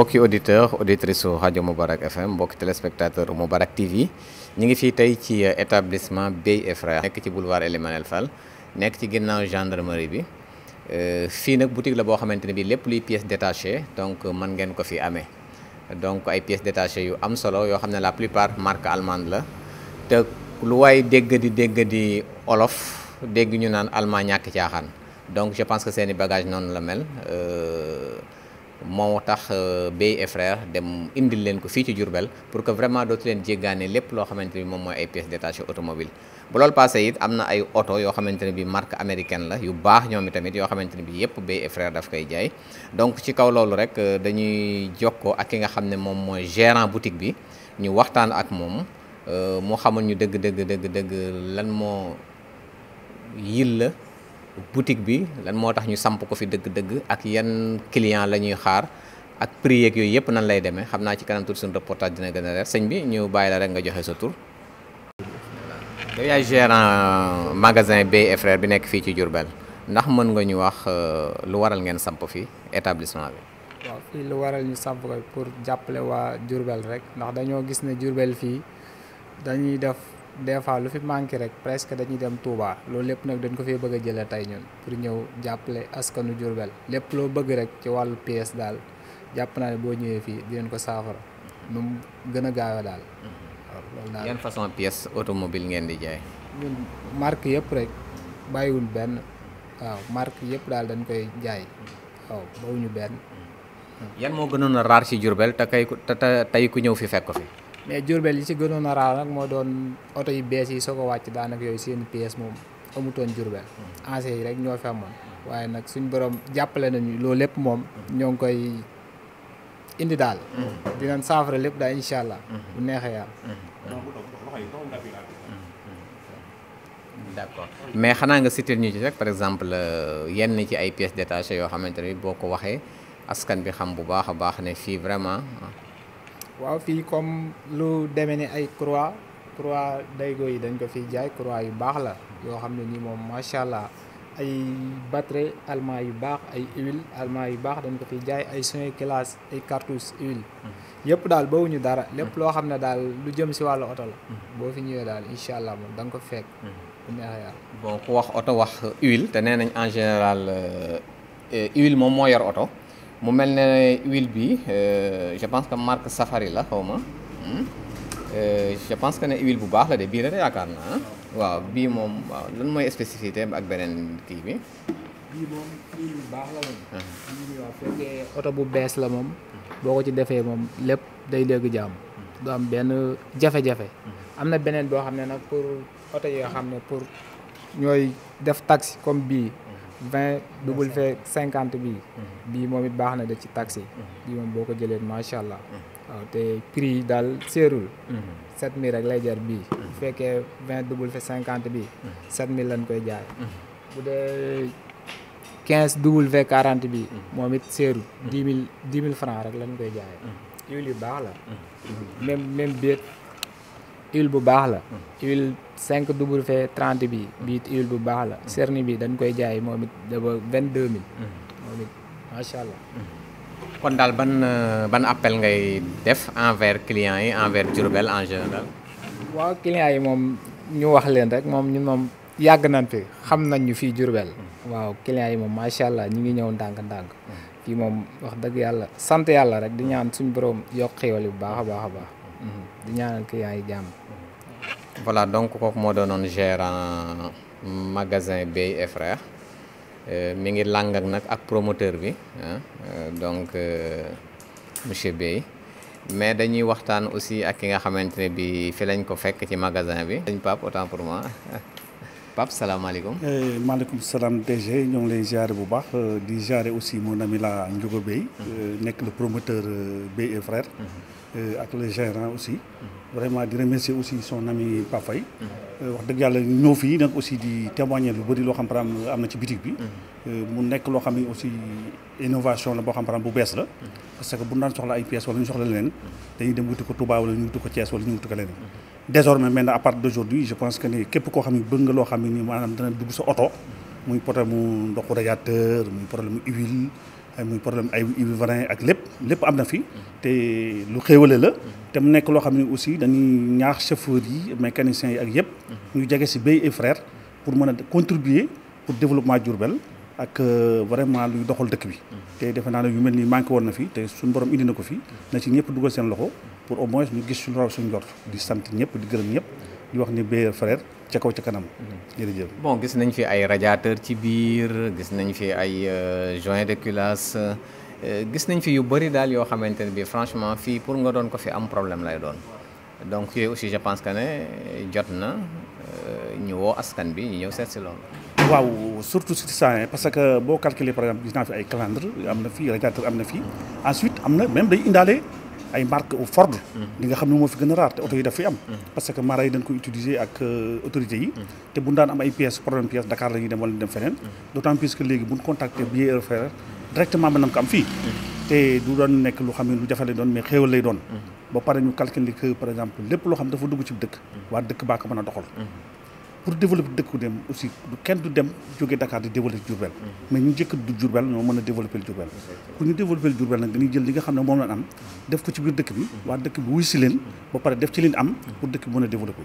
mbokki auditeur auditrices u rajo Mubarak FM mbokki téléspectateur Mubarak TV ñi ngi fi tay ci euh, établissement Beye et Frères ci boulevard Elmanel Fall nek ci ginnaw gendarmerie bi euh, fi nak boutique la bo xamanteni bi lepp luy pièces détachées donc euh, man ngeen ko fi amé donc ay pièces détachées yu am solo yo xamné la plupart marque allemande la te lu way dégg di dégg di olof dégg ñu naan allemand ñàkk donc je pense que un bagage non la mel moo tax euh, Beye et frère dem indil leen ko fii ci Diourbel pour que vraiment dootu leen jéggaane lépp loo xamante ni moom mooy ay pièces détachées automobile bu loolu passé it am na ay oto yoo xamante ne bi marque américaine la yu baax ñoom itamit yoo xamante ne bi yëpp Beye et frère daf koy jaay donc ci kaw loolu rek euh, dañuy jokkoo ak ki nga xam ne moom mooy gérant boutique bi ñu waxtaan ak moom euh, moo xamal ñu dëgg dëgg dëgg dëgg lan moo yil la boutique bi lan motax ñu samp ko fi deug deug ak yan client la xaar ak prix ak yoy yep nan lay démé xamna ci kanam tuuti suñu reportage dina gëna leer bi ñu bayila rek nga joxe sa tur. da ya gérant magasin B et frère bi nek fi ci Diourbel ndax mën nga ñu wax euh, lu waral ngeen samp fi établissement bi. wa fi lu waral ñu samp ko pour jàppale wa Diourbel rek ndax dañoo gis né Diourbel fi dañuy def. des fois lu fi manqué rek presque dañuy dem Touba loolu lépp nag dañ ko fee bëgg a jëlee tey ñun pour ñëw jàppale askanu jurbel lépp loo bëgg rek ci wàllu pièce daal jàpp naa ne boo ñëwee fii di ko saafara nu mu gën a gaaw daal. Mhm. loolu daal yan façon pièce automobile ngeen di jaay. ñun marque yëpp rek bàyyiwul benn waaw marque yëpp daal dañ koy jaay waaw bawuñu benn. yan moo gënoon a raar ci Diourbel te kay te tey ku ñëw fi fekk fi. mais Diourbel yi ci gënoon a raaw moo doon oto yu bees yi soo ko wàcc daanaka yooyu seen pièces moom amutoon Diourbel hmm. ancien yi rek ñoo fi amoon waaye nag suñ boroom jàppale nañu loolu lépp moom ñoo ngi koy indi daal hmm. dinañ saafara lépp daal incha allah hmm. bu neexee yàlla d'accord mais xanaa nga sitil ñu ci rek par exemple euh, yenn ci ay pièces détachées yoo xamante ne boo ko waxee askan bi xam bu baax a baax ne fii vraiment ah, waaw fii comme lu demee ni ay croix croix daygo yi dañ ko fiy jaay croix yu baax la yoo xam ne nii moom macha allah ay batterie allemand yu baax ay huile allemand yu baax dañ ko fiy jaay ay soin classe ay cartouche huile mm-hmm. yëpp daal ñu dara mm-hmm. lépp loo xam ne daal lu jëm si wàllu oto la mm-hmm. boo fi ñëwee daal incha allah moom da nga ko fekk bu neexee yàlla bon ku wax oto wax huile te nee nañ en général euh, huile moom moo yor oto mu mel ne huile bi euh, je pense que marque Safari la xaw ma hmm. euh, je pense que ne huile bu baax la de bii rek yaakaar naa waaw bii moom waaw lan mooy spécificité ak beneen kii bi. bii bu hmm. oto bu bees la moom. boo ko ci defee moom lépp day dégg jàmm. Hmm. du am benn jafe-jafe. am na beneen boo xam ne nag pour oto yi nga xam ne pour ñooy def tax comme bii. vingt double V cinquante bi mhm. bii moom it baax na de ci taxi mhm. bii moom boo ko jëlee macha allah mhm. te pris yi daal seerul sept mille rek lay jar bii bu fekkee vingt double V cinquante bii sept mille lañ koy jaay bu dee quinze double V quarante bi moom it seerul dix mille dix mille francs rek lañ koy jaay huile yu baax la même même il bu baax la il 5 fait 30 bi bi il bu baax la serni hmm. bi dañ koy jaay momit it 22.000. momit 000 moom allah hmm. kon dal ban ban appel ngay def envers client yi envers jurbel en général wa client yi mom ñu wax leen rek mom ñun mom yag nañ fi xam nañ ñu fi jurbel hmm. waaw client yi moom macha allah ñu ngi ñew ndank ndank fi mom wax deug yalla sante yalla rek di ñaan suñu borom yokk xewali bu baaxa baaxa baax Mm-hmm. di ñaanal ki yaay jam mm-hmm. voilà donc kok mo do non gérant magasin Bey et frère euh mi ngi lang ak nak ak promoteur bi euh, donc euh, monsieur Bey mais dañuy waxtaan aussi ak ki nga xamantene bi fi lañ ko fekk ci magasin bi dañ pap autant pour moi Pape salaamaaleykum. Eh, maaleykum salaam DG ñoo ngi lay jaare bu baax euh, di jaare aussi moo ami la Ndiogo Bey. Mhm. Euh, nekk la promoteur euh, Bey et frère. Mhm. ak le gérant aussi. Mhm. vraiment di remercier aussi son ami Pape Faye wax dëgg yàlla ñëw fii nag aussi di témoigner lu bëri loo xam param am na ci bitig bi. mu nekk loo xam ne aussi innovation la boo xam param bu bees la. parce que bu ñu daan soxla ay pièces wala ñu soxla leneen. dañuy dem wuti ko Touba la ñu wuti ko Thiès wala ñu wuti ko leneen. désormais maintenant à partir d'aujourd'hui je pense que ni képp koo xam ne bëgg nga loo xam ne nii maanaam dana dugg sa oto muy problème mu ndoxu radiateur muy problème huile muy problème ay huile varin ak lépp lépp am na fi te lu xéewale la te mu nekk loo xam ne aussi dañuy ñaax chauffeurs yi mécaniciens yi ak yëpp ñu jege si Bay et frère pour mën contribuer pour développement Diourbel ak euh, vraiment luy doxal dëkk bi te defe naa ne yu mel nii manqué woon na fi te suñu borom indi na ko fi na ci ñëpp dugal seen loxo pour au moins ñu gis suñu raw suñu jort di sant ñëpp di gërëm ñëpp di wax ni Béyeur Frère ca kaw ca kanam. jërëjëf bon gis nañ fi ay radiateur ci biir gis nañ fi ay euh, joint de culasse euh, gis nañ fi yu bari dal yo xamante bi franchement fi pour nga doon ko fi am problème lay doon donc yooyu aussi je pense que ne jot na euh, ñu woo askan bi ñu ñëw seet si loolu. waaw surtout si saa hein, parce que bo calculer par exemple gis naa fi ay calandre amna fi radiateur amna fi ensuite amna même day indalé ay marque au Ford li nga xam ne moo fi gën a raar te oto yi daf fi am parce que mara yi dañ koy utiliser ak euh, autorités yi te buñ daan am ay pièces problème pièces Dakar la ñuy dem wala dem feneen d'autant plus que léegi buñ contacter billet RFR directement mën nañ ko am fii te du doon nekk lu xam ne lu jafe lay doon mais xéewal lay doon ba pare ñu calculer que par exemple lépp loo xam dafa dugg ci dëkk waa dëkk baa ko mën a doxal pour développer dëkku dem aussi du kenn du dem jóge Dakar di développer Diourbel mhm. mais ñu njëkk du Diourbel ñoo mën a développer Diourbel pour ñu développer Diourbel nag dañuy jël li nga xam ne moom lañ am def ko ci biir dëkk bi mhm. waa dëkk bi wuy si leen ba pare def ci leen am mhm. pour dëkk bi mën a développer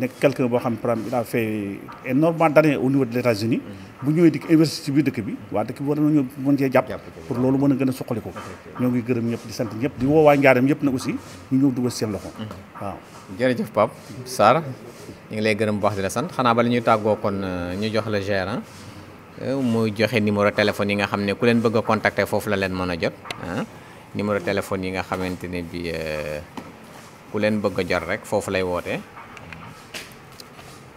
nekk quelqu'un boo xam ne par exemple il a fait énormément d'années au niveau mm-hmm. bu ñëwee di investir ci biir dëkk bi waa dëkk bi war nañoo mën cee jàpp pour loolu mën a gën a suqali ko ñoo ngi gërëm ñëpp di sant ñëpp di woo waa Njaareem yëpp na aussi ñu ñëw dugal seen loxo mm-hmm. waaw jërëjëf Pape Sarr ñu ngi lay gërëm bu baax di la sant xanaa bala ñuy tàggoo kon euh, ñu jox la gérant euh, mu joxe numéro téléphone yi nga xam ne ku leen bëgg a foofu la leen mën a jot ah numéro téléphone yi nga xamante ne bi euh, ku leen bëgg a rek foofu lay wootee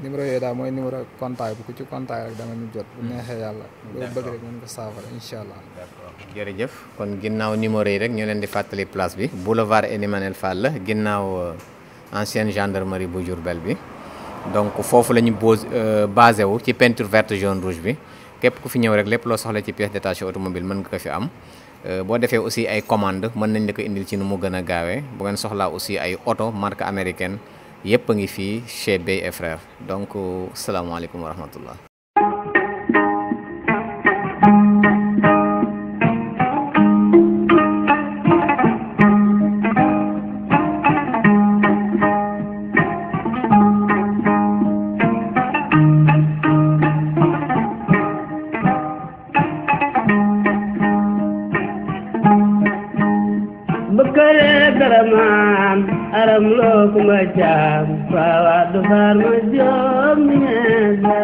numéro yooyu daal mooy numéro contact bi ku ci contact rek da nga ñu jot. bu hmm. neexee yàlla. loolu bëgg rek mën ko saafara incha allah. jërëjëf kon ginnaaw numéro yi rek ñoo leen di fàttali place bi boulevard Elimanel Fall ginnaaw euh, ancienne gendarmerie bu Diourbel bi. donc foofu la ñu bose euh, basé wu ci peinture verte jaune rouge bi képp ku fi ñëw rek lépp loo soxla ci pièce détachée automobile mën nga ko fi am. Euh, boo defee aussi ay commande mën nañ la ko indil ci nu mu gën a gaawee bu ngeen soxlaa aussi ay oto marque américaine. yëpp a ngi fii chez Beye et donc euh, salaamaaleykum wa rahmatullah haram lo kuma bawa duhar majom ni